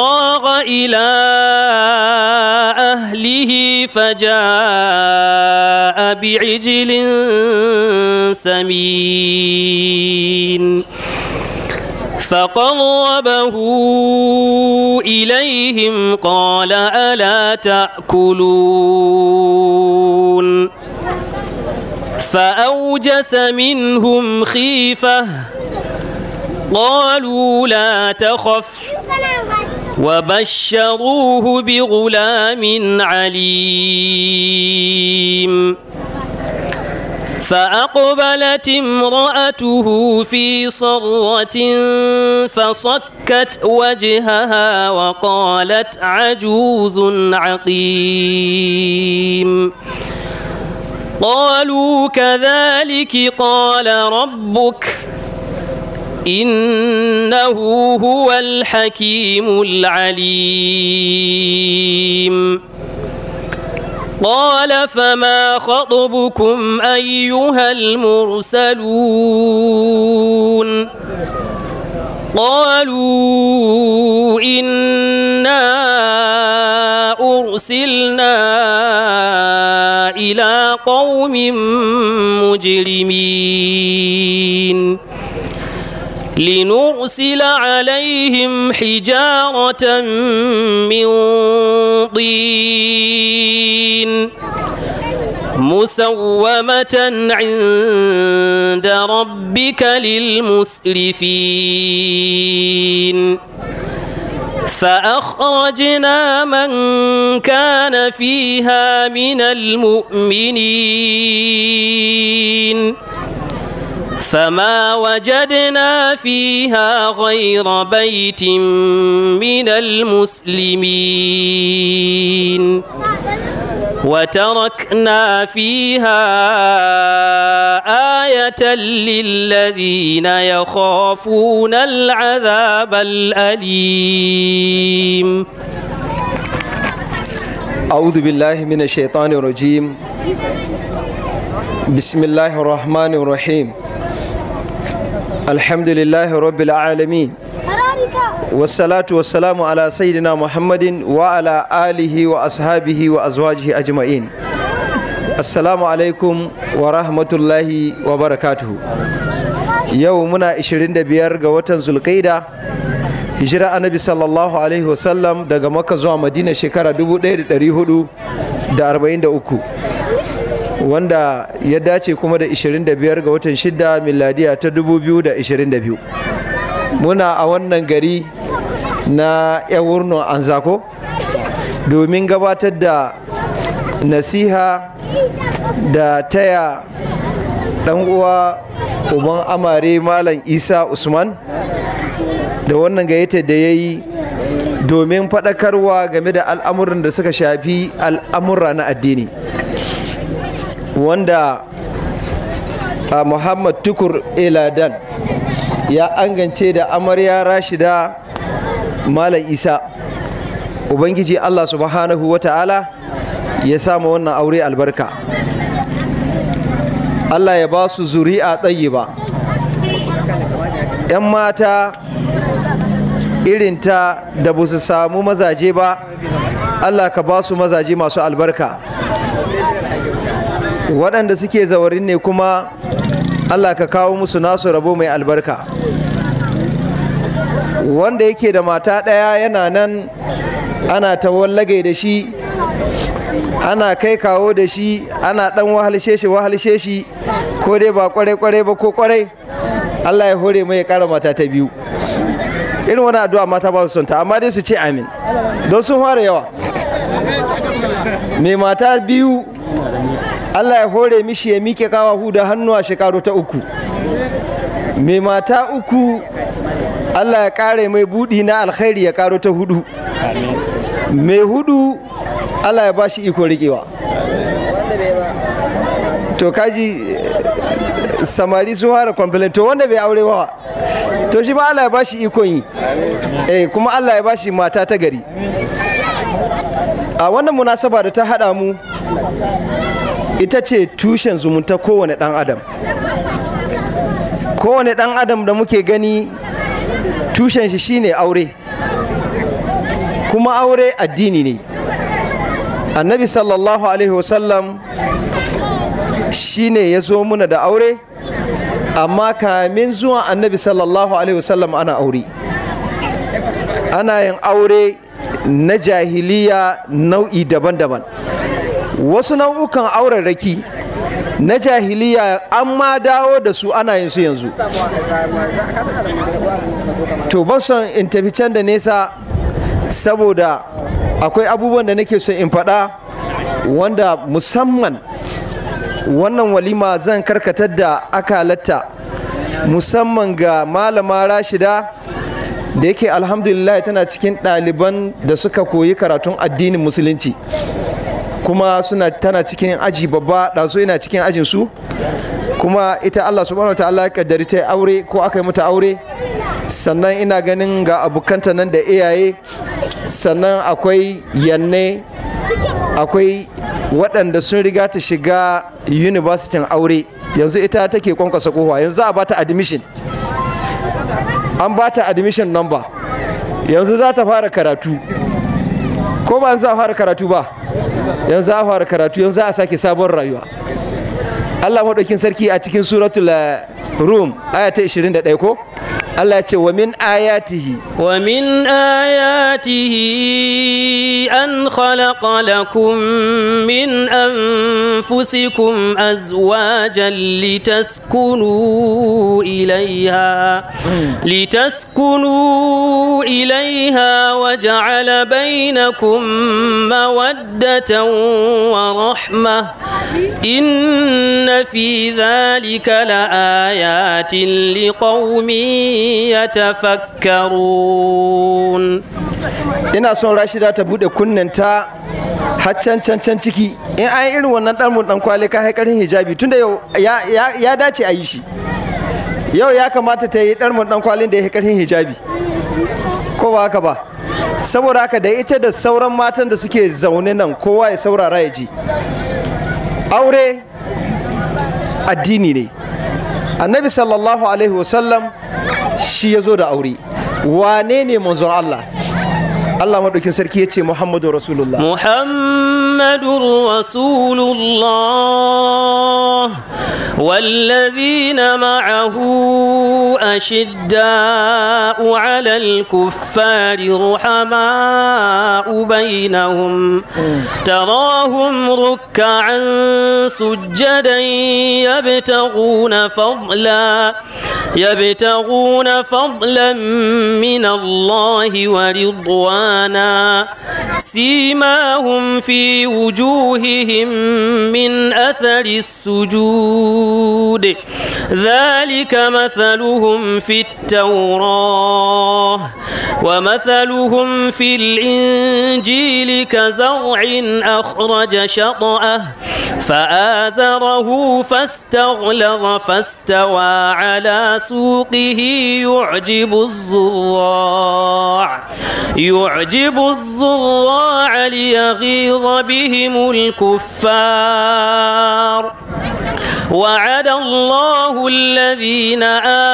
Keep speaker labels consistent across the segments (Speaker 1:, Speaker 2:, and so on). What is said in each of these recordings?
Speaker 1: فراغ إلى أهله فجاء بعجل سمين فقربه إليهم قال ألا تأكلون فأوجس منهم خيفة قالوا لا تخف وبشروه بغلام عليم فأقبلت امرأته في صرة فصكت وجهها وقالت عجوز عقيم قالوا كذلك قال ربك إنه هو الحكيم العليم قال فما خطبكم أيها المرسلون قالوا إنا أرسلنا إلى قوم مجرمين لنرسل عليهم حجارة من طين مسومة عند ربك للمسرفين فأخرجنا من كان فيها من المؤمنين فما وجدنا فيها غير بيت من المسلمين وتركنا فيها آية للذين يخافون العذاب الأليم أعوذ بالله من الشيطان الرجيم
Speaker 2: بسم الله الرحمن الرحيم Alhamdulillahi robbi lacaalami. Wasalatu wa ala sayidina Muhammadin wa alihi wa asababihi wa azwajihi a Assalamu alaikum wa rahmatullahi wa barakatuhu. Yau muna ishirin da ga watan Zulqaida. Hijira an sallallahu alaihi wa daga maka zuwa madina shekara dubu daya da hudu da arba'in da uku. wanda ya dace kuma da 25 ga watan 6 miladiya ta 2022 muna a wannan gari na yawurno anzako domin gabatar da nasiha da taya dan uwa uban amare malam isa usman da wannan gayyata da ya yi domin faɗakarwa game da al'amuran da suka shafi al'amura na addini wanda a muhammad tukur eladan ya angance da amarya rashida malam isa ubangiji allah subhanahu wa ta'ala ya samu wannan aure albarka allah ya ba su zuri'a ba. 'yan mata irinta da ba su samu mazaje ba allah ka ba su mazaje masu albarka waɗanda suke zawarin ne kuma Allah ka kawo musu nasu rabo mai albarka wanda yake da mata ɗaya yana nan ana ta wallage da shi ana kai kawo da shi ana ɗan wahalshe shi wahalshe shi ko dai ba kwarai-kwarai ba ko kwarai Allah ya hore mai ya ƙara mata ta biyu irin wani addu'a mata ba su son ta amma dai su ce amin don sun fara yawa mai mata biyu Allah ya hore mishi ya miƙe kawa huda hannu shekaru ta uku mai mata uku Allah ya ƙare mai buɗi na alkhairi ya ƙaro ta hudu mai hudu Allah ya bashi iko riƙewa to kaji samari sun hara complain to wanda bai aure ba to shi ma Allah ya bashi ikon yi eh kuma Allah ya bashi mata ta gari a wannan munasaba da ta hada mu ita ce tushen zumunta kowane ɗan adam kowane ɗan adam da muke gani tushen shi shine aure kuma aure addini ne annabi sallallahu alaihi wasallam shine ya zo muna da aure amma kamin zuwa annabi sallallahu alaihi wasallam ana aure ana yin aure na jahiliya nau'i daban-daban wasu nau'ukan aurarraki na jahiliya an ma dawo da su ana yin su yanzu to ban son in tafi can da nesa saboda akwai abubuwan da nake son in faɗa wanda musamman wannan walima zan karkatar da akalatta musamman ga malama rashida da yake alhamdulillah tana cikin ɗaliban da suka koyi karatun addinin musulunci kuma suna tana cikin aji babba ɗazu yana cikin ajin su kuma ita Allah subhanahu ta'ala ya kaddari ta aure ko aka yi mata aure sannan ina ganin ga abokanta nan da iyaye sannan akwai yanne akwai waɗanda sun riga ta shiga universitin aure yanzu ita take kwankwasa kowa yanzu za a bata admission an bata admission number yanzu za ta fara karatu ko ba yanzu a fara karatu ba yanzu za a fara karatu yanzu za a sake sabon rayuwa Allah maɗaukin sarki a cikin suratul eh, rum aya ta
Speaker 1: 21 ko Allah ya ce wa min ayatihi wa min ayatihi an khalaqa lakum min anfusikum azwajan litaskunu ilayha litaskunu ilayha wa ja'ala bainakum mawaddatan wa rahmah inna fi dhalika la آيات لقوم يتفكرون
Speaker 2: ina son rashida ta bude kunnanta har can can can ciki in an irin wannan dan mun dan kwale ka hai hijabi tunda yau ya dace a yi shi yau ya kamata ta yi dan mun dan kwalin da ya karin hijabi ko ba haka ba saboda haka da ita da sauran matan da suke zaune nan kowa ya saurara ya ji aure addini ne annabi sallallahu alaihi wasallam shi ya zo da aure wane ne manzon Allah Allah maɗaukin sarki ya ce Muhammadu Rasulullah
Speaker 1: Muhammadun Rasulullah والذين معه أشداء على الكفار رحماء بينهم تراهم ركعا سجدا يبتغون فضلا يبتغون فضلا من الله ورضوانا سيماهم في وجوههم من أثر السجود ذلك مثلهم في التوراة ومثلهم في الإنجيل كزرع أخرج شطأه فآزره فاستغلظ فاستوى على سوقه يعجب الزراع يعجب الزراع الله ليغيظ بهم الكفار وعد الله الذين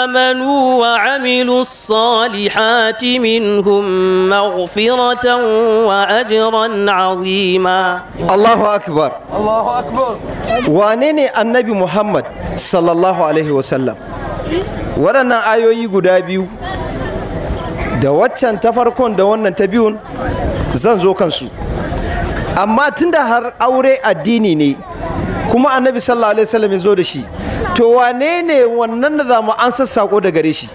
Speaker 1: آمنوا وعملوا الصالحات منهم مغفرة وأجرا عظيما الله أكبر الله أكبر
Speaker 2: وانني النبي محمد صلى الله عليه وسلم ورنا آيوي قدابيو da waccan ta farkon da wannan ta biyun zan zo kansu amma tunda har aure addini ne kuma annabi sallallahu alaihi wasallam ya zo da shi to wane ne wannan da zamu an sassako da gare shi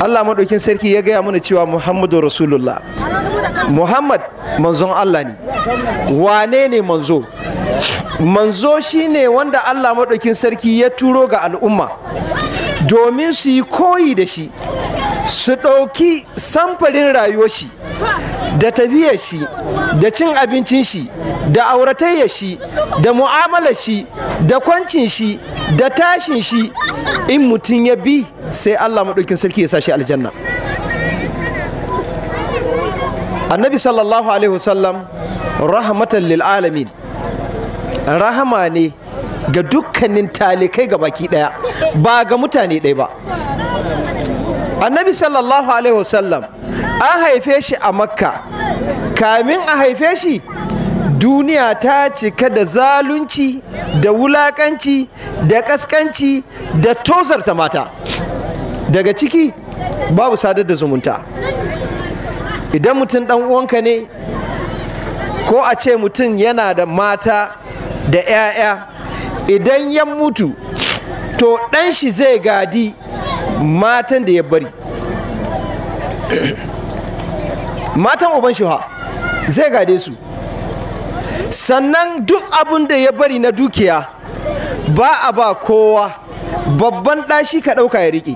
Speaker 2: Allah maɗaukin sarki ya gaya mana cewa Muhammadu Rasulullah Muhammad manzon Allah ne wane ne manzo manzo shine wanda Allah maɗaukin sarki ya turo ga al'umma domin su yi koyi da shi su ɗauki samfarin rayuwar shi da tafiyar shi da cin abincin shi da auratayya shi da mu'amalar shi da kwancin shi da tashin shi in mutum ya bi sai Allah maɗaukin sarki ya sa shi aljanna annabi sallallahu alaihi wasallam rahmatan lil rahama ne ga dukkanin talikai ga baki ɗaya ba ga mutane ɗaya ba annabi sallallahu alaihi wasallam an haife shi a makka kamin a haife shi duniya ta cika da zalunci da wulakanci da kaskanci da tozarta mata daga ciki babu sadar da zumunta idan mutum dan uwanka ne ko a ce mutum yana da mata da 'ya'ya idan ya mutu to dan shi zai gadi matan da ya bari matan uban shi zai gade su sannan duk abin da ya bari na dukiya ba a ba kowa babban ɗashi ka ɗauka ya riƙe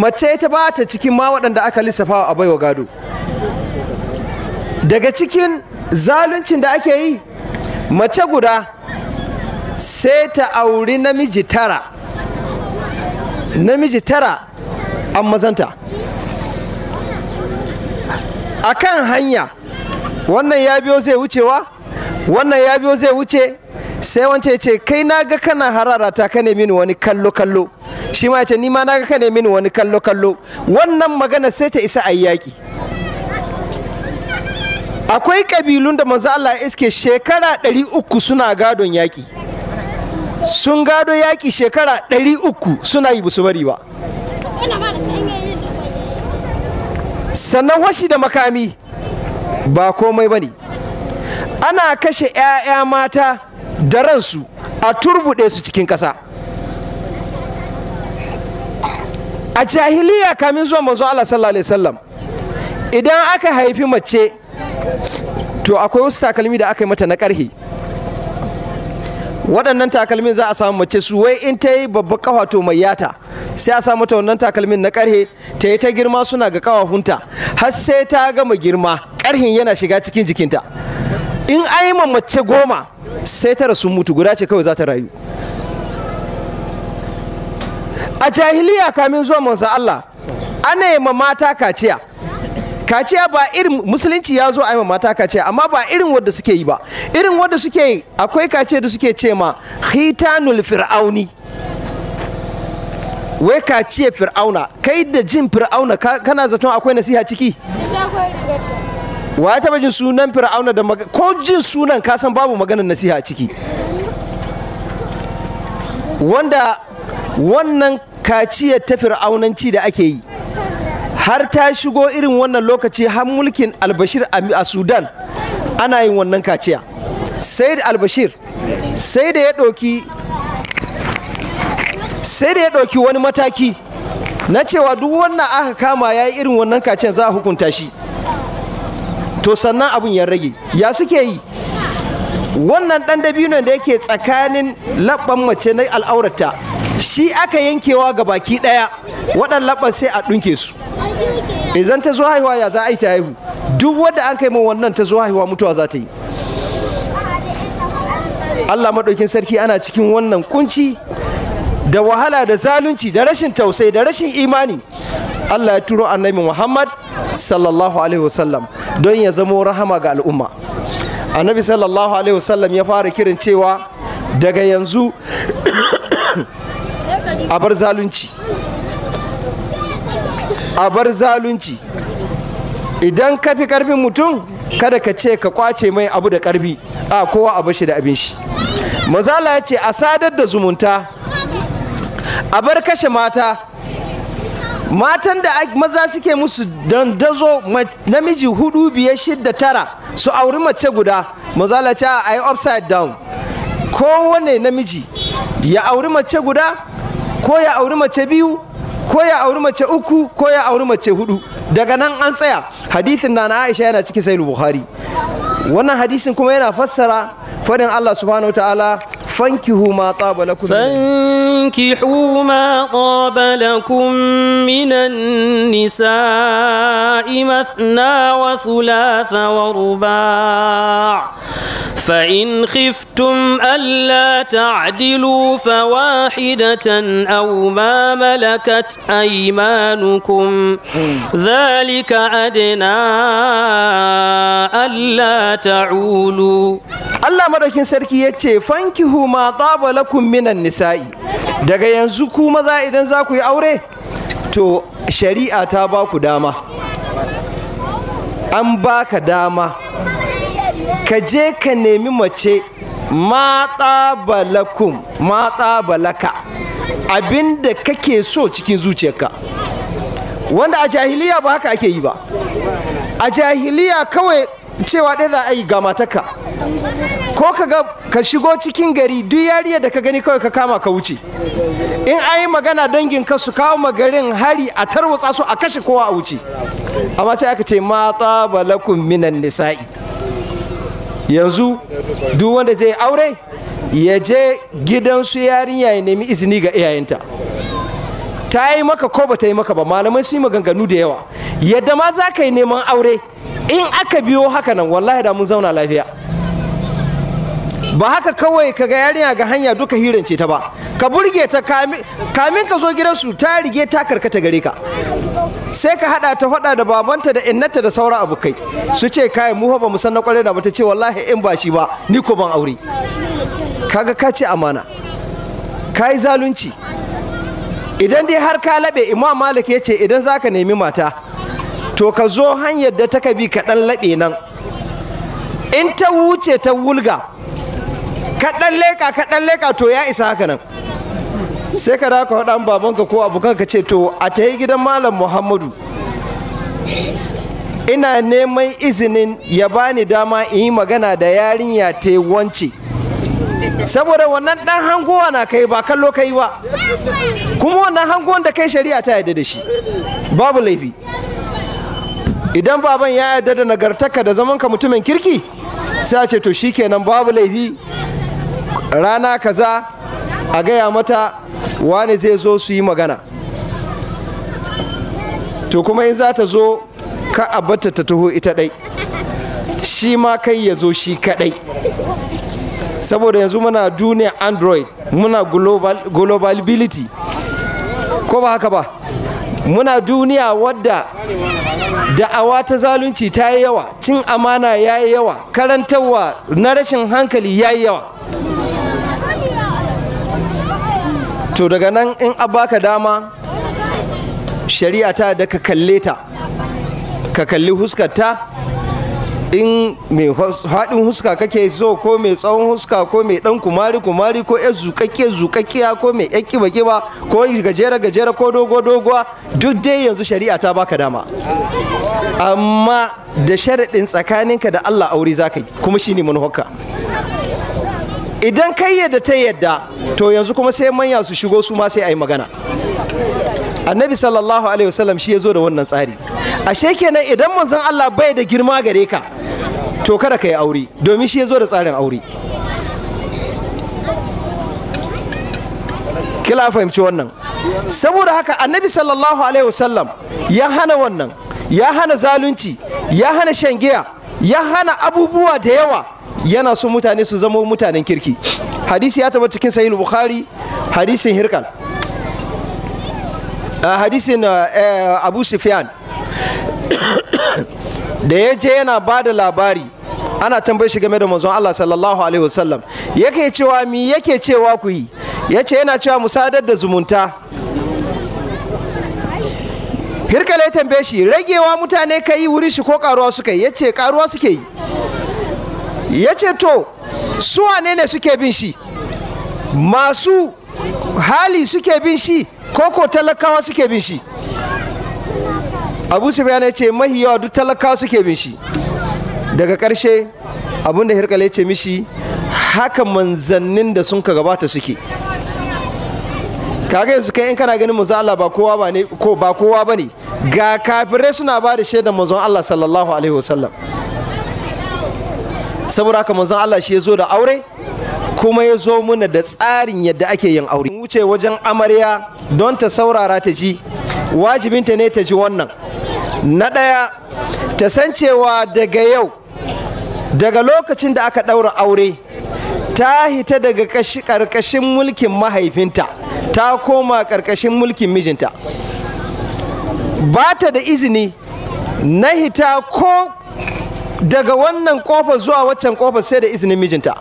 Speaker 2: mace ta ba ta cikin ma waɗanda aka lissafa a baiwa gado daga cikin zaluncin da ake yi mace guda sai ta auri namiji tara namiji tara an mazanta a kan hanya wannan ya biyo zai wucewa wannan ya biyo zai wuce sai wance ce kai na ga kana hararata ka ne mini wani kallo kallo shi ma ce ni ma na ga ka ne mini wani kallo kallo wannan magana sai ta isa a yaƙi akwai ƙabilun da manzo Allah iske shekara ɗari uku suna gadon yaƙi sun gado yaƙi shekara ɗari uku suna yi busu bari ba sannan washi da makami ba komai ba ne ana kashe 'ya'ya mata da ransu a turbuɗe su cikin ƙasa a jahiliya kamin zuwa manzo Allah sallallahu alaihi wasallam idan aka haifi mace to akwai wasu takalmi da aka yi mata na ƙarhe waɗannan takalmin za a samu mace su wai in ta yi babba kafa to mai yata sai a samu ta wannan takalmin na karhe ta yi ta girma suna ga kafafunta har sai ta gama girma karhin yana shiga cikin jikinta in an yi mace goma sai ta rasu mutu guda ce kawai za ta rayu a jahiliya kamin zuwa manzo Allah ana yi mata kaciya kaciya ba irin musulunci ya zo a yi mata kaciya amma ba irin wadda suke yi ba irin wadda suke yi akwai kaciya da suke ce ma hitanul fir'auni wai kaciya fir'auna kai da jin fir'auna kana zaton akwai nasiha ciki wa taba jin sunan fir'auna da ko jin sunan kasan babu maganar nasiha ciki wanda wannan kaciya ta fir'aunanci da ake yi har ta shigo irin wannan lokaci har mulkin albashir a sudan ana yin wannan kaciya sai da albashir sai da ya ɗauki wani mataki na cewa duk wannan aka kama ya yi irin wannan kaciya za a hukunta shi to sannan abin ya rage ya suke yi wannan ɗan dabinon da yake tsakanin labban mace na al'aurata shi aka yankewa ga baki ɗaya waɗannan labban sai a ɗunke su idan ta zo haihuwa ya za a yi ta haihu duk wanda an kai min wannan ta zo haihuwa mutuwa za ta yi Allah maɗaukin sarki ana cikin wannan kunci da wahala da zalunci da rashin tausayi da rashin imani Allah ya turo annabi Muhammad sallallahu alaihi wasallam don ya zama rahama ga al'umma annabi sallallahu alaihi wasallam ya fara kirin cewa daga yanzu a bar zalunci a bar zalunci idan ka fi karfin mutum kada ka ce ka kwace mai abu da karfi a kowa a bashi da abin shi mazala ya ce a sadar da zumunta a bar kashe mata matan da maza suke musu dandazo namiji hudu biyar shidda tara su auri mace guda mazala ce a yi upside down kowane namiji ya auri mace guda ko ya auri mace biyu ko ya auri mace uku ko ya auri mace hudu daga nan an tsaya hadisin na aisha yana ciki sai bukhari wannan hadisin kuma yana fassara
Speaker 1: fadin allah subhanahu wa
Speaker 2: ta'ala fankihu ma taba lakum fankihu
Speaker 1: ma taba lakum minan nisa'i mathna wa thulatha wa ruba' فإن خفتم ألا تعدلوا فواحدة أو ما ملكت أيمانكم ذلك أدنى ألا تعولوا
Speaker 2: Allah madaukin sarki ya ce fankihu ma tsaba lakum minan nisa'i daga yanzu ku maza idan za ku yi aure to shari'a ta ba ku dama an ba ka dama ka je ka nemi mace ma tsaba lakum ma tsaba laka abinda kake so cikin zuciyarka wanda a jahiliya ba haka ake yi ba a jahiliya kawai cewa ɗaya za a yi ga mataka ko ka ga ka shigo cikin gari duk yariya da ka gani kawai ka kama ka wuce in an yi magana dangin ka su kawo magarin hari a tarwatsa su a kashe kowa a wuce amma sai aka ce mata balakun minan nisa'i yanzu duk wanda zai aure ya je gidansu yarinya ya nemi izini ga iyayenta ta yi maka ko ba ta yi maka ba malamai su yi maganganu da yawa yadda ma za ka yi neman aure in aka biyo haka nan wallahi da mun zauna lafiya ba haka kawai ka ga yarinya ga hanya duka hirance ta ba ka burge ta kamin ka zo gidansu ta rige ta karkata gare ka sai ka hada ta hada da babanta da innata da sauran abokai su ce kai mu ba mu san na kwarai da ba ta ce wallahi in ba shi ba ni ko ban aure kaga ka ce amana kai zalunci idan dai har ka labe imam malik ya ce idan zaka nemi mata to ka zo hanyar da ta ka bi ka dan labe nan in ta wuce ta wulga kaɗan leƙa kaɗan leƙa to ya isa haka nan sai ka dawo ka faɗa babanka ko abokan ka ce to a ta yi gidan malam muhammadu ina neman izinin ya bani dama in yi magana da yarinya ta wance saboda wannan ɗan hangowa na kai ba kallo kai ba kuma wannan hanguwan da kai shari'a ta yarda da shi babu laifi idan baban ya yarda da nagartaka da zaman ka mutumin kirki sai a ce to shikenan babu laifi rana kaza a gaya mata wani zai zo su yi magana to kuma in za ta zo ka a ta taho ita ɗai shi ma kai ya zo shi kaɗai saboda yanzu muna duniya android muna global, globalability ko ba haka ba muna duniya wadda da'awa ta zalunci ta yi yawa cin amana ya yi yawa karantarwa na rashin hankali ya yi yawa to daga nan in a baka dama shari'a ta da ka kalle ta ka kalli huskarta in mai haɗin huska kake so ko mai tsawon huska ko mai ɗan kumari kumari ko ƴan zuƙaƙƙe zuƙaƙƙiya ko mai ƴan kiba kiba ko gajera gajera ko dogo dogo duk dai yanzu shari'a ta baka dama amma da sharaɗin tsakaninka da Allah aure zaka yi kuma shi shine manufarka idan kai yadda ta yadda to yanzu kuma sai manya su shigo su ma sai a yi magana annabi sallallahu alaihi wasallam shi ya zo da wannan tsari ashe kenan idan manzon Allah bai da girma gare ka to kada ka yi aure domin shi ya zo da tsarin aure kila fahimci wannan saboda haka annabi sallallahu alaihi wasallam ya hana wannan ya hana zalunci ya hana shan giya ya hana abubuwa da yawa yana so mutane su zama mutanen kirki hadisi ya taba cikin sahihul bukhari hadisin hirkal ah, hadisin eh, abu sufyan da ya je yana ba da labari ana tambaye shi game da manzon Allah sallallahu alaihi wasallam yake cewa mi yake cewa ku yi yace yana cewa musadar da zumunta hirkale tambaye shi ragewa mutane kai wurin shi ko karuwa suka yi yace karuwa suke yi ya ce to su wane ne suke bin shi masu hali suke bin shi koko talakawa suke bin shi abu ya ce mahi yawa duk talakawa suke bin shi daga ƙarshe abin da hirkale ce mishi haka manzannin da sun ka gabata suke kaga yanzu kai in kana ganin manzon Allah ba kowa ba ne ko ba kowa bane ga kafirai suna ba da shaidar manzon Allah sallallahu alaihi wasallam saboda haka manzon Allah shi ya zo da aure kuma ya zo mana da tsarin yadda ake yin aure wuce wajen amarya don ta saurara ta ji wajibinta ne ta ji wannan na ɗaya ta san cewa daga yau daga lokacin da aka ɗaura aure ta hita daga ƙarƙashin mulkin mahaifinta ta koma ƙarƙashin mulkin mijinta ba ta da izini na hita ko daga wannan kofar zuwa waccan kofar sai da izinin mijinta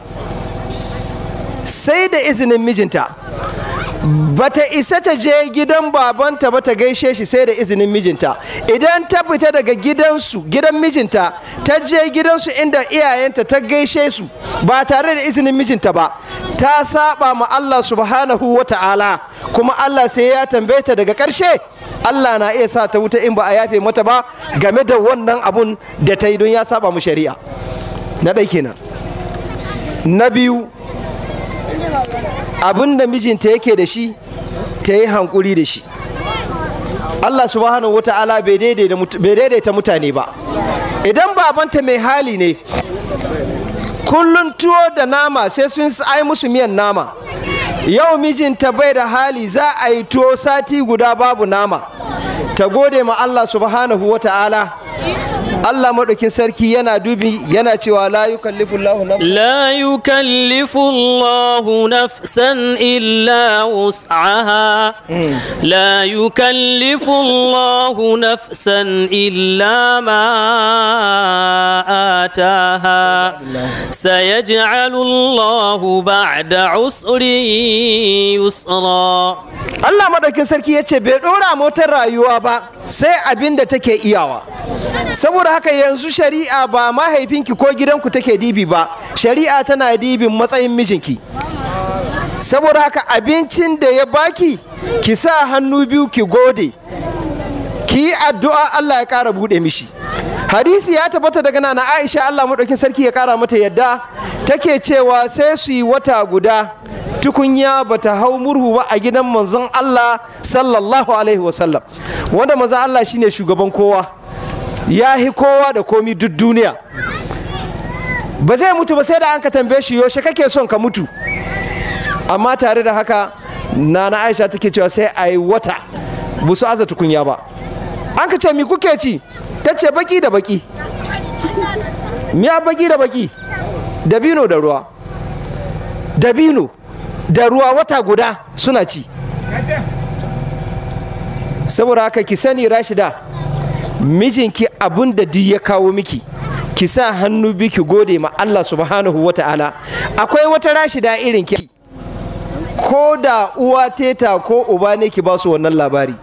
Speaker 2: sai da izinin mijinta bata isa ta je gidan babanta ba ta gaishe shi sai da izinin mijinta idan ta fita daga gidansu gidan mijinta ta je gidansu inda iyayenta ta gaishe su ba tare da izinin mijinta ba ta saba ma Allah subhanahu wa ta'ala kuma Allah sai ya tambaye ta daga ƙarshe Allah na iya sa ta wuta in ba a yafe mata ba game da wannan abun da ta yi don ya saba mu shari'a na ɗai kenan na biyu abin da mijinta yake da shi ta yi hankuri da shi Allah subhanahu wa ta'ala bai daidaita mutane ba idan babanta mai hali ne kullum tuwo da nama sai sun ai musu miyan nama yau mijinta bai da hali za a yi tuwo sati guda babu nama ta gode ma Allah subhanahu wa ta'ala
Speaker 1: Allah maɗaukin sarki yana dubi yana cewa la
Speaker 2: yukallifu Allahu nafsan
Speaker 1: la yukallifu Allahu nafsan illa wus'aha hmm. la yukallifu Allahu nafsan illa ma ataha sayaj'alu Allahu ba'da usri yusra Allah maɗaukin sarki yace bai ɗora
Speaker 2: motar rayuwa
Speaker 1: ba sai abin da take iyawa
Speaker 2: saboda haka yanzu shari'a ba mahaifinki ko gidanku take dibi ba shari'a tana dibin matsayin mijinki saboda haka abincin da ya baki ki sa hannu biyu ki gode ki yi addu'a Allah ya kara buɗe mishi hadisi ya tabbata daga nana Aisha Allah maɗaukin sarki ya kara mata yadda take cewa sai su yi wata guda tukunya bata hau murhu ba a gidan manzon Allah sallallahu alaihi wasallam wanda manzon Allah shine shugaban kowa ya hi kowa da komi duk duniya ba zai mutu ba sai da an ka tambaye shi yaushe kake son ka mutu amma tare da haka nana aisha take cewa sai a yi wata ba su aza tukunya ba an ka ce mi kuke ci ta ce baki da baki miya baki da baki dabino da ruwa dabino da ruwa wata guda suna ci saboda haka ki sani rashida mijinki abin da duk ya kawo miki ki sa hannu bi ki gode ma Allah subhanahu wa ta'ala akwai wata rashi da irin ki ko da uwa teta ko uba ne ki ba su wannan labari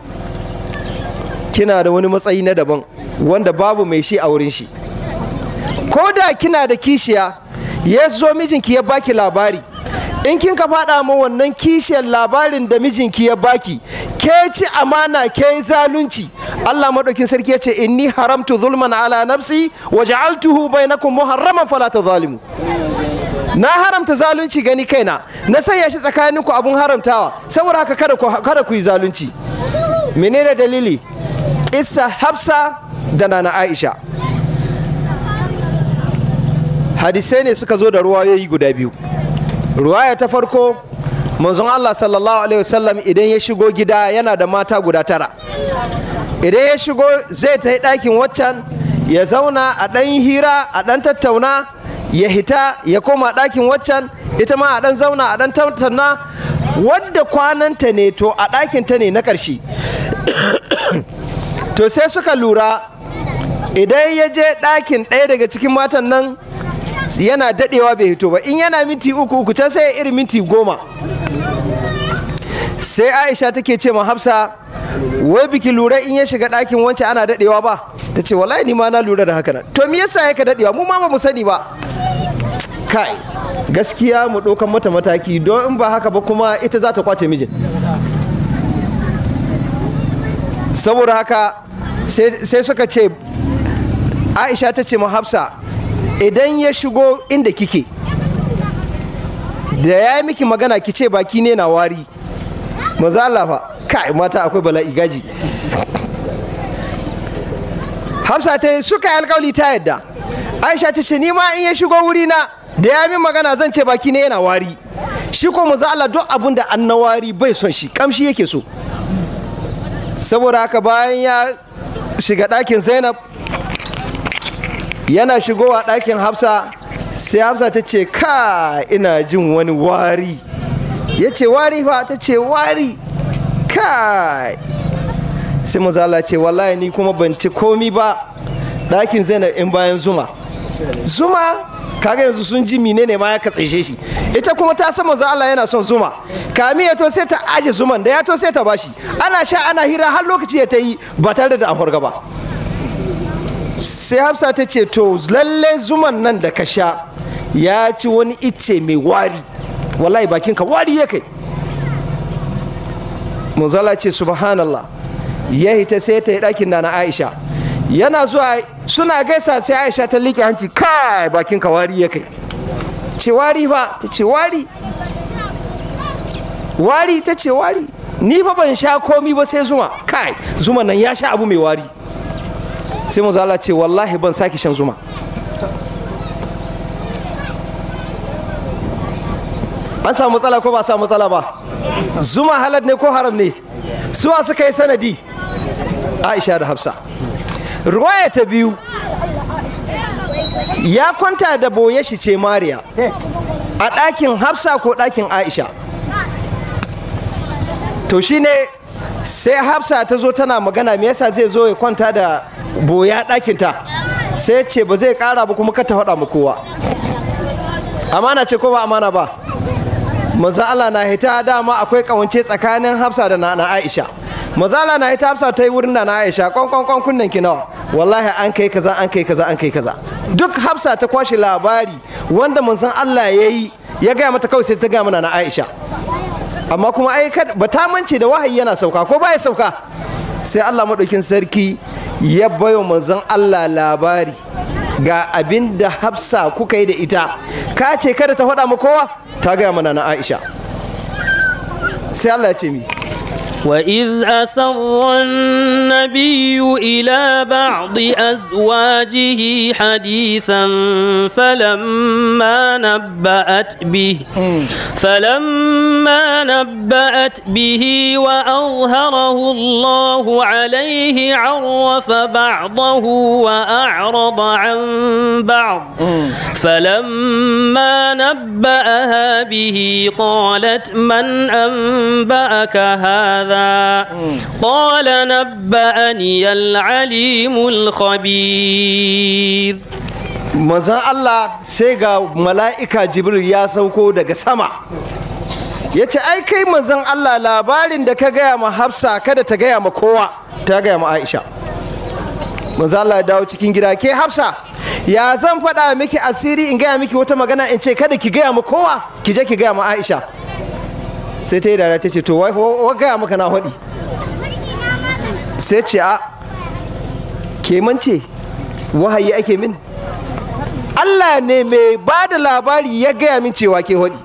Speaker 2: kina da wani matsayi na daban wanda babu mai shi a wurin shi ko da kina da kishiya ya zo mijinki ya baki labari in kin ka faɗa ma wannan kishiyar labarin da mijinki ya baki ke ci amana ke zalunci Allah madaukin sarki ya ce inni haramtu zulman ala nafsi wa ja'altuhu bainakum muharraman fala tadhalimu na haramta zalunci gani kaina na sanya shi tsakanin ku abun haramtawa saboda haka kada ku kada ku yi zalunci menene dalili Issa, Hafsa da Nana Aisha hadisai ne suka zo da ruwayoyi guda biyu ruwaya ta farko manzon Allah sallallahu alaihi wasallam idan ya shigo gida yana da mata guda tara idan ya shigo zai ta yi ɗakin waccan ya zauna a ɗan hira a ɗan tattauna ya hita ya koma ɗakin waccan ita ma a ɗan zauna a ɗan tattauna wadda kwananta ne to a ɗakin ta ne na ƙarshe to sai suka lura idan ya je ɗakin ɗaya daga cikin matan nan yana dadewa bai hito ba in yana minti uku uku can sai irin minti goma sai aisha take ce ma hafsa wai biki lura in ya shiga dakin wance ana dadewa ba ta ce wallahi ni ma na lura da haka nan to me yasa yaka dadewa mu ma ba mu sani ba kai gaskiya mu ɗaukan mata mataki don in ba haka ba kuma ita za ta kwace mijin saboda haka sai suka ce aisha ta ce ma hafsa idan ya shigo inda kike da ya yi miki magana ki ce baki ne na wari fa kai mata akwai bala'i gaji Hafsa ta yi suka yi alkawali ta yadda Aisha ta ce ni ma in ya shigo wuri na da ya min magana zan ce baki ne yana wari shi ko Allah duk abin da an na wari bai son shi kamshi yake so saboda haka bayan ya shiga ɗakin Zainab yana shigowa ɗakin hafsa sai hafsa ta ce ka ina jin wani wari ya ce wari fa ta ce wari kai sai mazala ce wallahi ni kuma ban ci komi ba ɗakin zainab in bayan zuma zuma kaga yanzu sun ji ne ma ya katsashe shi ita kuma ta san manzo Allah yana son zuma kami ya to sai ta aje zuman da ya to sai ta bashi ana sha ana hira har lokaci ya ta yi ba tare da an ba sai hafsa ta ce to lalle zuman nan da ka sha ya ci wani ice mai wari wallahi bakinka wari ya kai manzala ce subhanallah ya hita sai ta yi ɗakin na na aisha yana zuwa suna gaisa sai aisha ta liƙe hanci kai bakinka wari ya kai ce wari ba ta ce wari wari ta ce wari ni fa ban sha komi ba sai zuma kai zuma nan ya sha abu mai wari sai mu zala ce wallahi ban sake shan zuma an samu matsala ko ba samu matsala ba zuma halal ne ko haram ne suwa suka yi sanadi aisha da hafsa ruwaya ta biyu ya kwanta da boye shi ce mariya a ɗakin hafsa ko ɗakin aisha to shine sai hafsa ta zo tana magana me yasa zai zo ya kwanta da boya ta sai ce ba zai ƙara ba kuma ka ta faɗa mu kowa amana ce ko ba amana ba maza Allah na hita dama akwai kawance tsakanin Hafsa da na Aisha maza Allah na hita Hafsa ta yi wurin na Aisha kon kon kon kunnen ki nawa wallahi an kai kaza an kai kaza an kai kaza duk Hafsa ta kwashe labari wanda manzon Allah ya ya gaya mata kawai sai ta gaya mana na Aisha amma kuma ai ba ta mance da wahayi yana sauka ko ba ya sauka sai Allah maɗaukin sarki ya bayo manzon Allah labari ga abinda da hafsa kuka yi da ita ka ce kada ta faɗa
Speaker 1: ma kowa ta gaya mana na Aisha sai Allah ya ce mi وإذ أسر النبي إلى بعض أزواجه حديثا فلما نبأت به فلما نبأت به وأظهره الله عليه عرف بعضه وأعرض عن بعض فلما نبأها به قالت من أنبأك هذا قال نبأني العليم الخبير manzan Allah sai ga mala'ika Jibril ya
Speaker 2: sauko daga sama ya ce ai kai manzan Allah labarin da ka gaya ma hafsa kada ta gaya ma kowa ta gaya ma Aisha manzan Allah ya dawo cikin gida ke hafsa ya zan faɗa miki asiri in gaya miki wata magana in ce kada ki gaya ma kowa ki je ki gaya ma Aisha sai ta yi dara ta ce to wa gaya maka na haɗi sai ce a kemance wahayi ake min Allah ne mai ba da labari ya gaya min cewa ke haɗi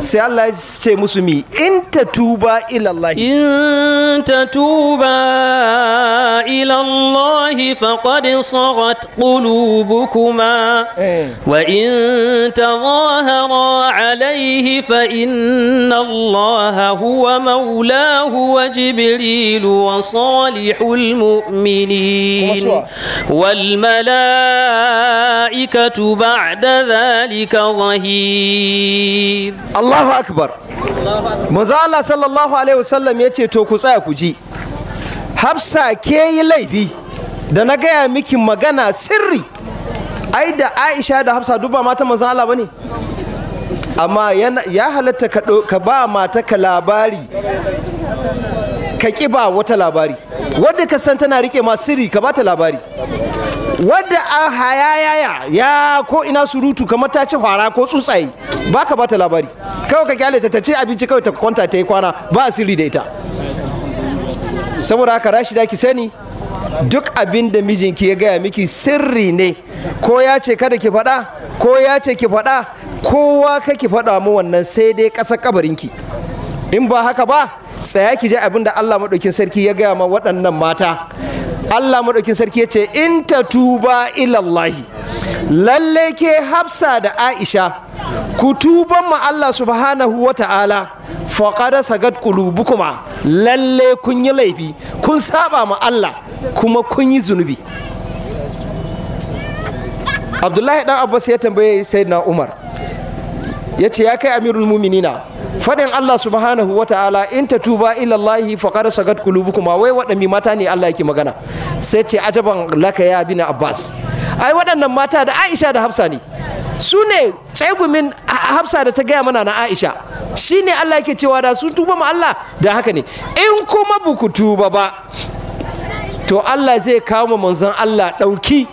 Speaker 2: sai Allah ya ce musu mi in tatuba ila Allah
Speaker 1: in tatuba ila Allah faqad sagat qulubukuma eh. wa in zahara alayhi fa inna Allah huwa maulahu wa jibril wa salihul mu'minin wal malaikatu ba'da dhalika zahir akbar! sallallahu alaihi أكبر ya
Speaker 2: ce to ku tsaya ku ji. hafsa ke yi laifi da na gaya miki magana sirri ai da aisha da hafsa duba mata manzan Allah bane amma ya halatta ka ba mata ka labari ka kiba wata labari wadda ka san tana rike ma sirri ka ba ta labari wadda a hayayaya ya ko ina surutu kamar ta ci fara ko tsuntsaye ba ka bata labari kawai ka kyale ta ce abinci kawai ta kwanta ta yi kwana ba a sirri da ita saboda haka rashida ki sani duk abin da mijinki ya gaya miki sirri ne ko ya ce kada ki faɗa ko ya ce ki faɗa kowa ka ki faɗa mu wannan sai dai ƙasa kabarinki in ba haka ba tsaya ki je abin da Allah maɗaukin sarki ya gaya ma waɗannan mata Allah madaukin sarki yace in ta tuba ilallahi lalle ke Hafsa da Aisha ku tuban ma Allah subhanahu wa ta'ala faƙada sagat qulubukuma kuma lalle kun yi laifi kun saba ma Allah kuma kun yi zunubi abdullahi dan abbas ya tambaye sayyidina umar ya ce ya kai amirul muminina faɗin Allah subhanahu wa ta'ala in ta tuba ilallahi faqad sagat kuma wai waɗanne mata ne Allah yake magana sai ce ajaban laka ya bi na Abbas ai waɗannan mata da Aisha da Hafsa ne su ne tsegumin Hafsa da ta gaya mana na Aisha Shi ne Allah yake cewa da sun tuba ma Allah da haka ne in kuma buku tuba ba to Allah zai kawo manzon Allah ɗauki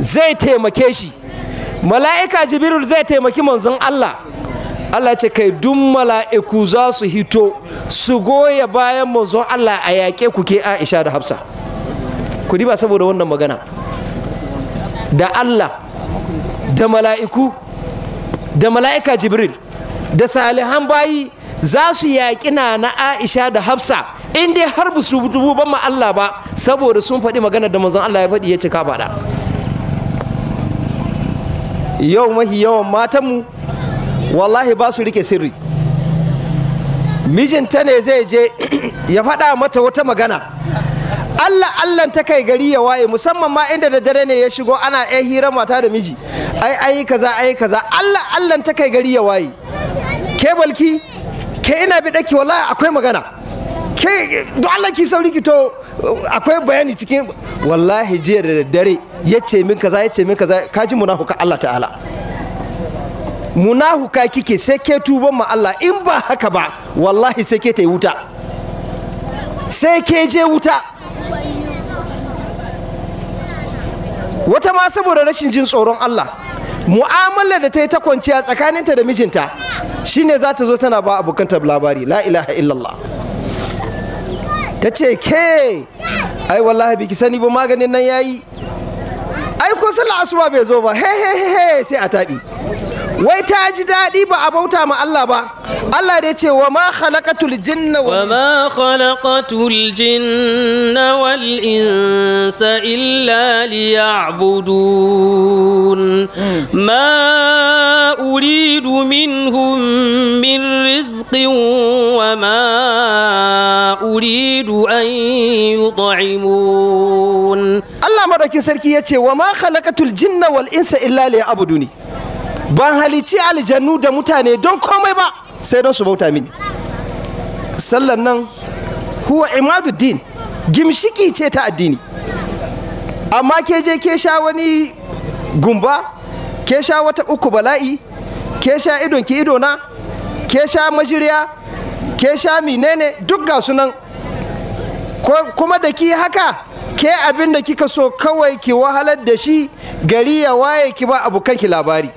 Speaker 2: zai taimake shi mala'ika jibril zai taimaki manzon Allah Allah ce kai dun mala'iku za su hito su goya bayan manzon Allah a yaƙe ku ke Aisha da Hafsa ku ba saboda wannan magana da Allah da mala'iku da mala'ika jibril da salihan bayi za su yaƙi na na aisha da hafsa in dai har ba su ban ma Allah ba saboda sun faɗi magana da manzon Allah ya faɗi ya ce ka faɗa yau mahi yawan matanmu wallahi ba su rike sirri mijinta ne zai je ya faɗa mata wata magana Allah allan ta kai gari ya waye musamman ma inda da dare ne ya shigo ana ya hira mata da miji ai ai kaza ai kaza Allah allan ta kai gari ya waye ke balki ke ina bi daki wallahi akwai magana ke don Allah ki sauri ki to akwai bayani cikin wallahi jiya da daddare ya ce min kaza ya ce min kaza ka ji munafuka Allah ta'ala munafuka kike sai ke tuban ma Allah in ba haka ba wallahi sai ke ta wuta sai ke je wuta wata ma saboda rashin jin tsoron Allah mu'amalar da ta yi ta kwanciya tsakaninta da mijinta shine za ta zo tana ba abokanta labari la ilaha illallah ta ce ke ai wallahi biki sani ba maganin nan yayi ai ko sallah asuba bai zo ba he he he sai a taɓi wai ta
Speaker 1: ji daɗi ba a bauta ma Allah ba Allah dai ce wa ma khalaqatul jinna wa ma khalaqatul jinna wal insa illa liya'budun hmm. ma uridu minhum min رزق وما أريد أن يطعمون الله مدكي
Speaker 2: سركي يتي وما خلقت الجن والإنس إلا ليعبدوني ban halicci aljannu da mutane don komai ba sai don su bauta mini sallan nan huwa imaduddin gimshiki ce ta addini amma ke je ke sha wani gumba ke sha wata uku bala'i ke sha idon ki idona ke sha majiriya? ke sha menene duk ga sunan kuma da ki haka ke abin da kika so kawai ki wahalar da shi gari ya waye ki ba abokan ki labari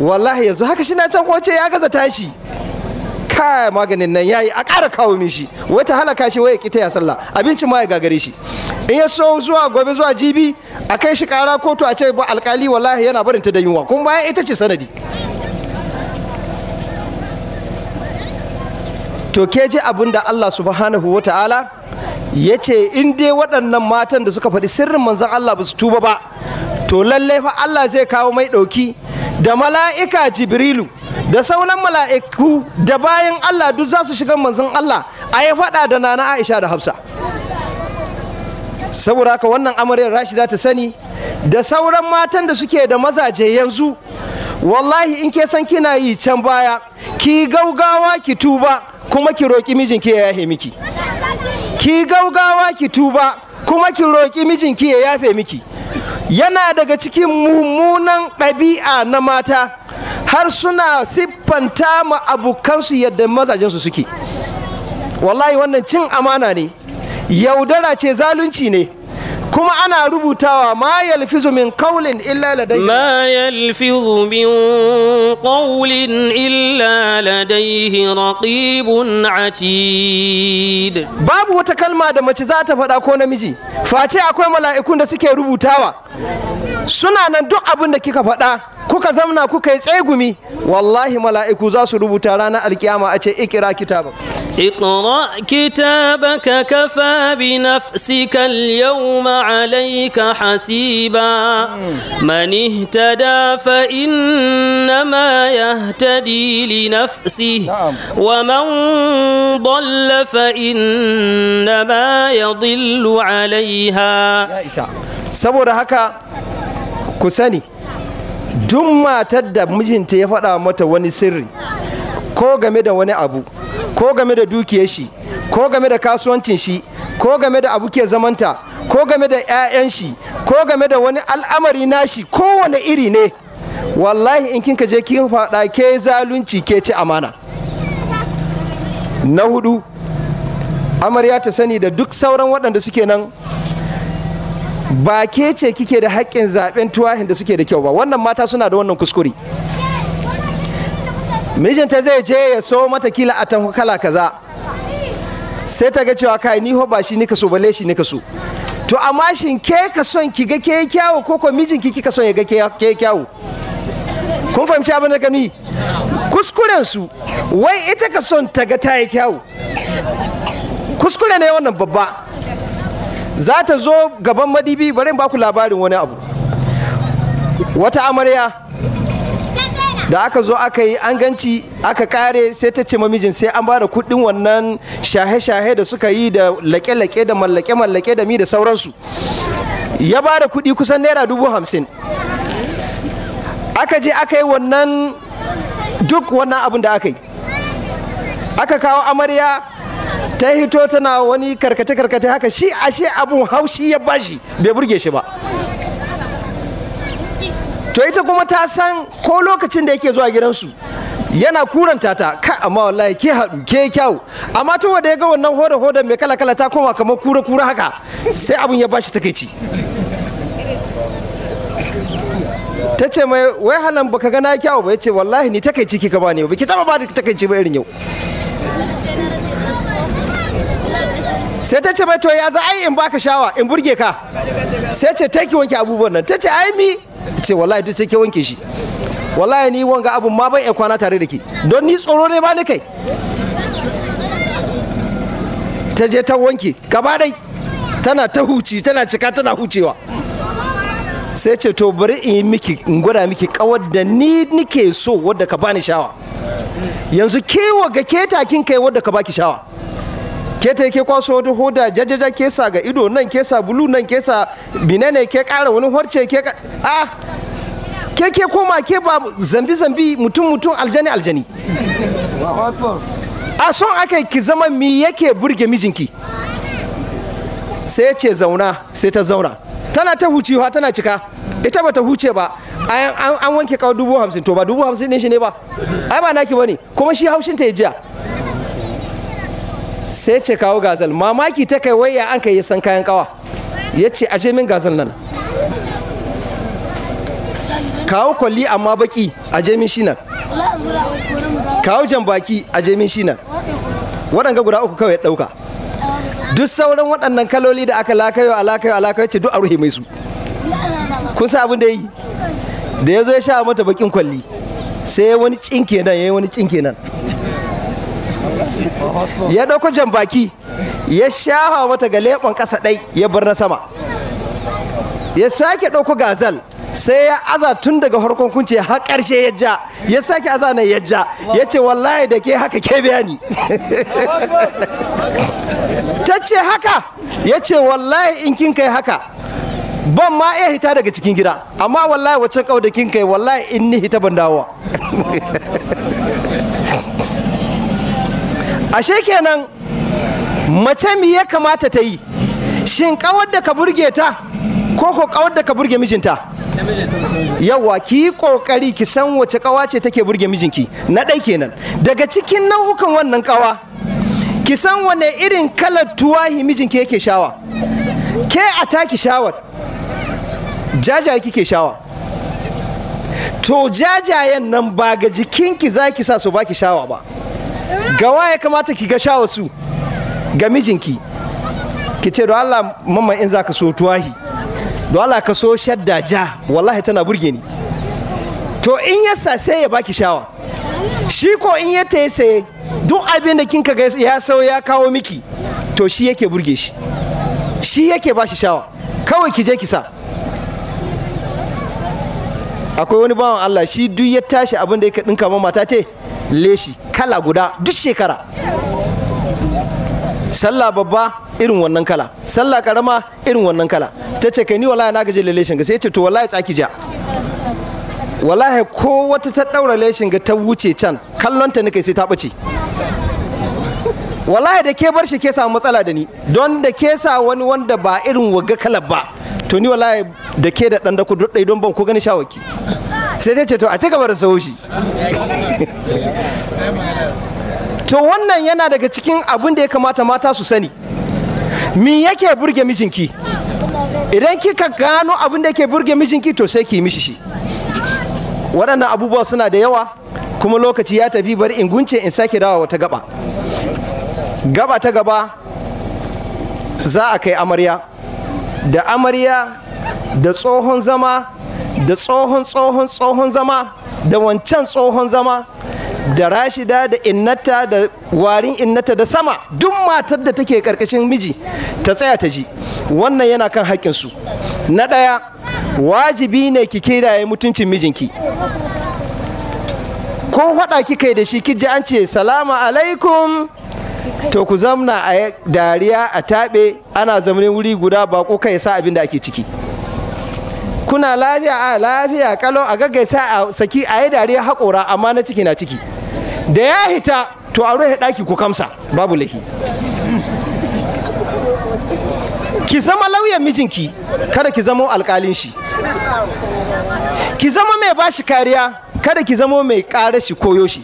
Speaker 2: wallahi yanzu haka shi na can kwace ya gaza tashi kaya maganin nan yayi a ƙara kawo min shi wata halaka shi waye kita ya sallah abincin ma ya gagare shi in ya so zuwa gobe zuwa jibi a kai shi ƙara kotu a ce ba alƙali wallahi yana barin ta da yunwa kuma bayan ita ce sanadi to ke ji abin da Allah subhanahu wa ta'ala ya ce in dai waɗannan matan da suka faɗi sirrin manzan Allah ba su tuba ba to lallai fa Allah zai kawo mai ɗauki da mala'ika jibrilu da sauran mala'iku da bayan Allah duk za su shiga manzan Allah a ya faɗa da nana Aisha da Hafsa saboda haka wannan amaryar Rashida ta sani da sauran matan da suke da mazaje yanzu wallahi in ke san kina yi can baya ki gaugawa ki tuba kuma ki roƙi mijinki ya yafe miki ki gaugawa ki tuba kuma ki roƙi mijinki ya yafe miki yana daga cikin mummunan ɗabi'a na mata har suna siffanta ma abokansu yadda mazajensu suke wallahi wannan cin amana ne yaudara ce zalunci ne kuma ana rubutawa ma yalfizu min qawlin illa ladayhi
Speaker 1: ma yalfizu min qawlin illa ladayhi raqibun atid
Speaker 2: babu wata kalma da mace za ta faɗa ko namiji face akwai mala'ikun da suke rubutawa suna nan duk abin da kika faɗa kuka zamna kuka yi tsegumi wallahi mala’iku za su rubuta rana alkiyama a ce ikira kitaba
Speaker 1: ikira kitaba ka kafa bi na sikal yau ma’alaika hasi ba mani ta dafa ina ma ya ta dili na wa ma n bolla fa ina ba ya dillu alaiha saboda
Speaker 2: haka ku sani duk matar da mijinta ya faɗa mata wani sirri ko game da wani abu ko game da dukiyar shi ko game da kasuwancin shi ko game da abu ke zamanta ko game da 'ya'yan shi ko game da wani al'amari nashi kowane iri ne wallahi in kinka je kin faɗa ke zalunci ke ci amana na hudu amarya ta sani da duk sauran waɗanda suke nan ba ke ce kike da haƙƙin zaɓen tuwahin da suke da kyau ba wannan mata suna da wannan kuskure mijinta zai je ya so mata kila a tanku kala kaza sai ta ga cewa kai ni ba shi nika so balle shi nika so to amma shin ke ka son ki ga ke kyawu ko ko mijin ki kika son ya ga ke kyawu kun fahimci abin da kani kuskuren su wai ita ka son ta ga ta yi kyawu kuskure ne wannan babba za ta zo gaban madibi bari ba ku labarin wani abu wata amarya da aka zo aka yi an ganci aka kare sai ta ce mamijin sai an bada kudin wannan shahe-shahe da suka yi da lake-lake da mallake-mallake da mi da sauransu ya ba da kudi kusan naira dubu hamsin aka je aka yi wannan duk wannan abin da aka yi aka kawo amarya ta hito tana wani karkace-karkace haka shi ashe abun haushi ya bashi bai burge shi ba to ita kuma ta san ko lokacin da yake zuwa gidansu yana kuranta ta ka amma wallahi ke haɗu ke kyau amma to wanda ya ga wannan hoda hoda mai kala kala ta koma kamar kura kura haka sai abun ya bashi takaici ta ce mai wai halan baka gana kyau ba ya ce wallahi ni takaici kika bani ba ki taba ba da takaici ba irin yau sai ta ce mai to ya za yi in baka shawa in burge ka sai ce ta ki wanke abubuwan nan ta ce ai mi ta ce wallahi duk sai ke wanke shi wallahi ni wanga abun ma ban kwana tare da ke don ni tsoro ne ba ni kai ta je ta wanke gaba dai tana ta huci tana cika tana hucewa sai ce to bari in yi miki in gwada miki kawar da ni nike so wadda ka bani shawa yanzu kewa ga ketakin kai wadda ka baki shawa ke ta ke kwaso wani hoda jajaja kesa ga ido nan kesa bulu nan kesa ne. ke kara wani horce ke a ke ke koma ke ba zambi zambi mutum mutum aljani aljani a son aka ki zama mi yake burge mijinki sai ce zauna sai ta zauna tana ta hucewa tana cika ita ba ta huce ba an wanke kawo dubu hamsin to ba dubu hamsin ne shi ne ba ai ba naki ba ne kuma shi haushin ta ya jiya sai ce kawo gazal mamaki ta kai waya an kai ya san kayan kawa ya ce aje min gazal nan kawo kwalli amma baki aje min shi nan kawo jan baki aje min shi nan waɗanga guda uku kawai ɗauka duk sauran waɗannan kaloli da aka lakayo alakayo alakayo ce duk a ruhe mai su kun sa abin da yi da ya zo ya sha mata bakin kwalli sai wani cinke nan ya yi wani cinke nan ya ɗauko jan baki ya shafa mata ga leɓen ƙasa ɗai ya bar na sama ya sake ɗauko gazal sai ya aza tun daga harkon kunce har ƙarshe ya ja ya sake aza nan ya ja ya ce wallahi da ke haka ke bayani ta ce haka ya ce wallahi in kin kai haka ban ma iya hita daga cikin gida amma wallahi wacce kaudakin kai wallahi in ni hita ban dawowa ashe kenan mace mi ya kamata ta yi shin kawar da ka burge ta ko ko kawar da ka burge mijinta yawa ki yi kokari ki san wace kawa ce take burge mijinki na ɗai kenan daga cikin nau'ukan wannan kawa ki san wane irin kalar tuwahi mijinki yake shawa ke a taki shawar jajaye kike shawa to jajayen nan ba ga jikinki za ki sa su baki shawa ba gawa ya kamata ki ga sha wasu ga mijinki ki ce don Allah mamman in za ka so tuwahi don Allah ka so shadda ja wallahi tana burge ni to in ya sa sai ya baki shawa shi ko in ya ta saye duk abin da kin ka ya sau ya kawo miki to shi yake burge shi shi yake ba shi shawa kawai ki je ki sa akwai wani bawan Allah shi duk ya tashi abin da yake dinka mata te leshi kala guda duk shekara sallah babba irin wannan kala sallah karama irin wannan kala ta ce kai ni wallahi na gaje leshin ga sai ce to wallahi tsaki ja wallahi ko wata ta daura leshin ga ta wuce can kallon ta nake sai ta bace wallahi da ke bar shi ke samu matsala da ni don da ke sa wani wanda ba irin waga kalar ba to ni wallahi da ke da dan da ku don ban ku gani shawaki sai ta ce to a ci gaba da shi to wannan yana daga cikin abin da ya kamata mata su sani mi yake burge mijinki idan kika gano abin da yake burge mijinki to sai ki mishi shi waɗannan abubuwa suna da yawa kuma lokaci ya tafi bari in gunce in sake dawa wata gaba gaba ta gaba za a kai amarya da amarya da tsohon zama da tsohon tsohon tsohon zama da wancan tsohon zama da rashida da innata da warin innata da sama duk matar da take karkashin miji ta tsaya ta ji wannan yana kan hakkin su na ɗaya wajibi ne ki kiraye mutuncin mijinki ko faɗa kika yi da shi kiji an ce salamu alaikum to ku zamna a dariya a taɓe ana zamanin wuri guda ba ko kai sa abin da ake ciki kuna lafiya a lafiya kalau a sa a saki a yi dariya haƙora amma na ciki na ciki da ya hita to a rufe ɗaki ku kamsa babu laifi ki zama lauyan mijinki kada ki zama alƙalin shi ki zama mai bashi kariya kada ki zama mai ƙara shi koyo shi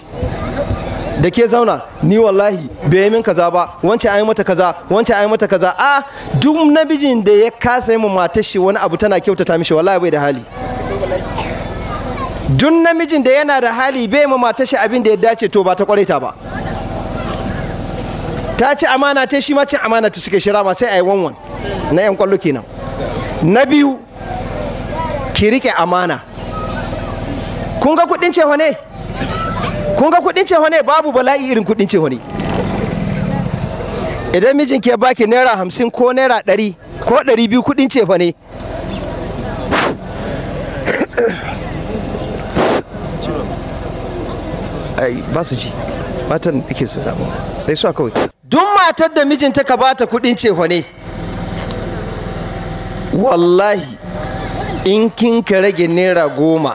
Speaker 2: da ke zauna ni wallahi bai min kaza ba wance ai mata kaza wance ai mata kaza a ah, duk namijin da ya kasa mu matar shi wani abu tana kyautata mishi wallahi bai da hali duk namijin da yana da hali bai mu matar shi abin da ya dace to ba ta kware ta ba ta ci amana ta shi ma cin amana ta suke shira ma sai ai wanwan na yan kwallo kenan na biyu ki rike amana kun ga kudin cewa ne kun ga kuɗin ce ne babu bala'i irin kuɗin ce ne idan mijinki ya baki naira hamsin ko naira ɗari ko ɗari biyu kuɗin ce ne ai ba su ci matan ake su zaɓa sai su kawai duk matar da mijinta ka bata kuɗin ce ne wallahi in kin ka rage naira goma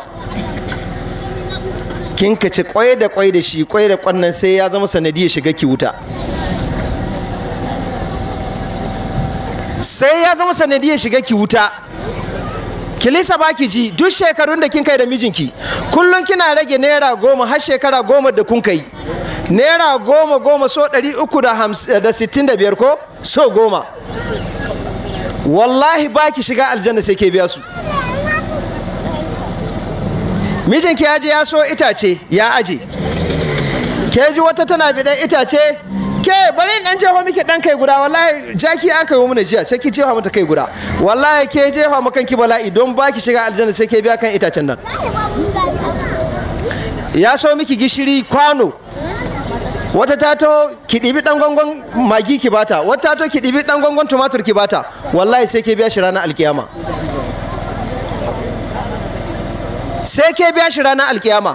Speaker 2: kin ka ci kwai da kwai da shi kwai da kwannan sai ya zama sanadi ya shiga ki wuta sai ya zama sanadi ya shiga ki wuta kilisa baki ji duk shekarun da kin kai da mijinki kullum kina rage naira goma har shekara goma da kun kai naira goma goma so ɗari uku da sittin da biyar ko so goma wallahi baki shiga aljanna sai ke biya su mijinki ya je ya so itace ya aje ke ji wata tana dan itace ke bari in dan jeho miki dan kai guda wallahi jaki an kai mana jiya sai ki jeho mata kai guda wallahi ke jeho mu kanki bala'i don baki shiga aljanna sai ke biya kan itacen nan ya so miki gishiri kwano wata ta to ki ɗibi ɗan gongon magi ki bata wata ta to ki ɗibi ɗan gongon tumatur ki bata wallahi sai ke biya shi ranar alkiyama sai ke biya shi ranar alkiyama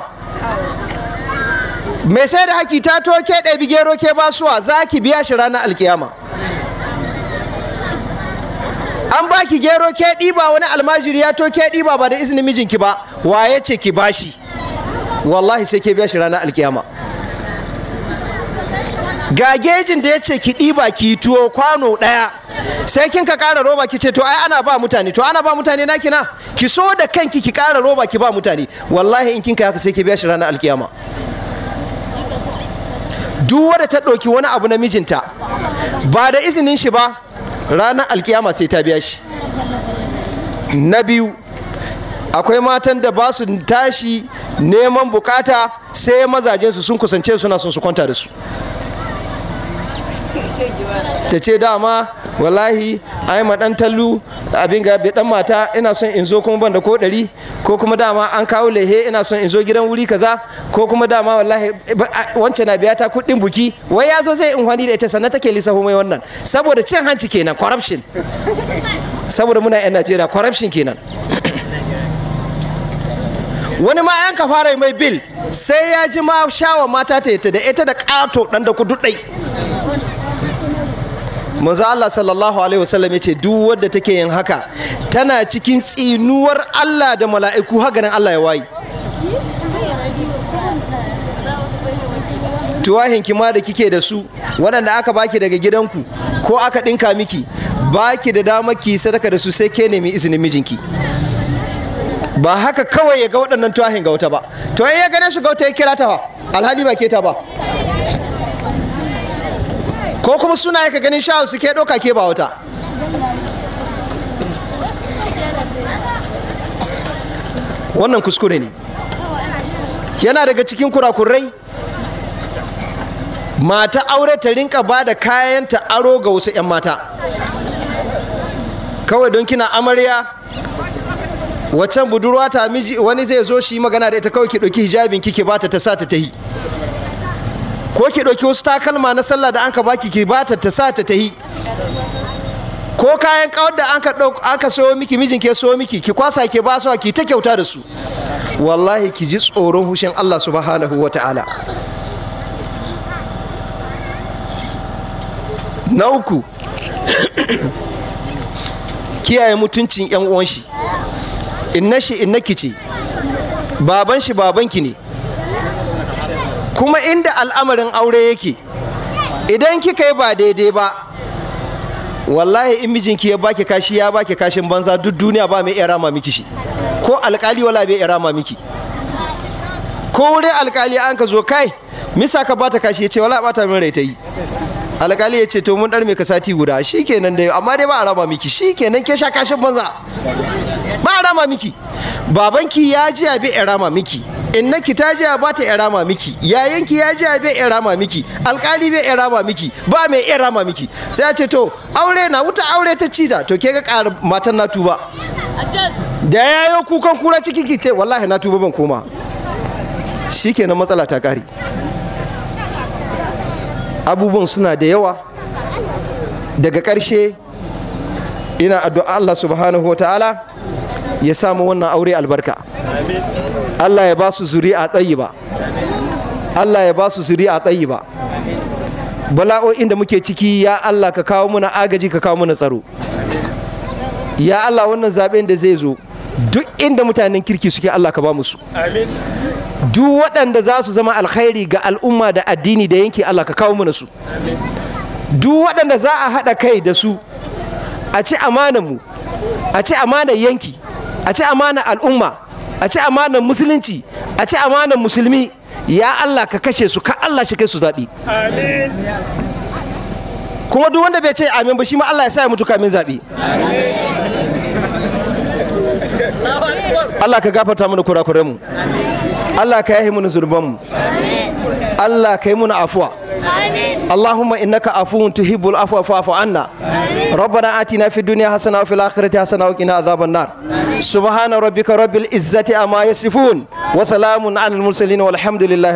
Speaker 2: mai sai da haki ta toke ɗabi gero ke basuwa za ki biya shi ranar alkiyama an ba ki gero ke ɗiba wani almajiri ya toke ɗiba ba da izinin mijinki ba wa ya ce ki bashi wallahi sai ke biya shi ranar alkiyama ga gejin da ya ce ki ɗiba ki tuwo kwano ɗaya sai kin ka ƙara roba ki ce to ai ana ba mutane to ana ba mutane na kina ki so da kanki ki ƙara roba ki ba mutane wallahi in kin ka haka sai ki biya shi ranar alkiyama duk wanda ta ɗauki wani abu na mijinta ba da izinin shi ba ranar alkiyama sai ta biya shi na biyu akwai matan da ba su tashi neman bukata sai mazajensu sun kusance suna sun su kwanta da su ta ce dama wallahi a yi dan tallu abin ga dan mata ina son in zo kuma ban da ko ɗari ko kuma dama an kawo lehe ina son in zo gidan wuri kaza ko kuma dama wallahi wancan na biya ta kuɗin buki wai ya zo zai in hani da ita sannan take lissafo mai wannan saboda cin hanci kenan corruption saboda muna yan Najeriya corruption kenan wani ma yanka fara mai bil sai ya ji ma shawa mata ta da ita da ƙato ɗan da kudu ɗai manzo Allah sallallahu alaihi wasallam yace duk wadda take yin haka tana cikin tsinuwar Allah da mala'iku haganin Allah ya wayi tuwahin kima da kike da su waɗanda aka baki daga gidanku ko aka ɗinka miki baki da damar ki sadaka da su sai ke nemi izinin mijinki ba haka kawai ya ga waɗannan tuwahin ga wata ba to ya gane su ga wata ya kira ta ba alhali ba ke ta ba ko kuma suna ka ganin shahu suke ɗauka ke ba wata wannan kuskure ne yana daga cikin kurakurai mata aure ta rinka ba da kayan ta aro ga wasu 'yan mata kawai don kina amarya waccan budurwa ta miji wani zai zo shi magana da ita kawai ki ɗauki hijabin kike ba ta ta sa ta ta yi ko ki ɗauki wasu takalma na sallah da anka baki ki bata ta sa ta tahi ko kayan kawar da anka ɗauka sayo miki mijin ke sayo miki ki kwasa ke ba ki ta kyauta da su wallahi ki ji tsoron hushin Allah subhanahu wa ta'ala na uku kiyaye mutuncin yan uwan shi inna shi inna ki ce baban shi babanki ne kuma inda al'amarin aure yake idan kika yi ba daidai ba wallahi in mijinki ya baki kashi ya baki kashin banza duk duniya ba mai irama miki shi ko alkali wala bai irama miki ko wurin alkali an ka zo kai misa ka bata kashi ya ce wala bata min rai ta yi alkali ya ce to mun dar ka sati guda shikenan dai amma dai ba a rama miki shikenan ke sha kashin banza ba a rama miki babanki ya ji ya bi irama miki ki ta jiya ba ta irama miki yayanki ya jiya bai irama miki alkali bai irama miki ba mai irama miki sai ya ce to aure na wuta aure ta ci da. to ke ga ƙara matan na tuba da ya yi kukan kura ciki ki ce wallahi na tuba ban koma Shi shikenan matsala ta ƙari. abubuwan suna da yawa daga ƙarshe ina addu'a Allah subhanahu wa ta'ala ya samu wannan aure albarka Allah ya ba su zuri'a ba. Allah ya ba su zuri'a ba. bala'o'in da muke ciki ya Allah ka kawo muna agaji ka kawo muna tsaro ya Allah wannan zaben da zai zo duk inda mutanen kirki suke Allah ka ba musu duk waɗanda za su zama alkhairi ga al'umma da addini da yanki Allah ka kawo mana su duk waɗanda za a haɗa kai da su a ci amanar mu a ci amanar yanki a ci amanar al'umma a ci amanar musulunci a ci amanar musulmi ya Allah ka kashe su ka Allah shi kai su zaɓi kuma duk wanda bai ce amin ba shi ma Allah ya sa ya mutu kamin zaɓi Allah ka gafarta mana mu. Allah ka yahi mana zurbanmu Allah ka yi mana afuwa اللهم إنك عفو تحب العفو فاعف عنا ربنا آتنا في الدنيا حسنة وفي الآخرة حسنة وقنا عذاب النار سبحان ربك رب العزة أما يصفون وسلام على المرسلين والحمد لله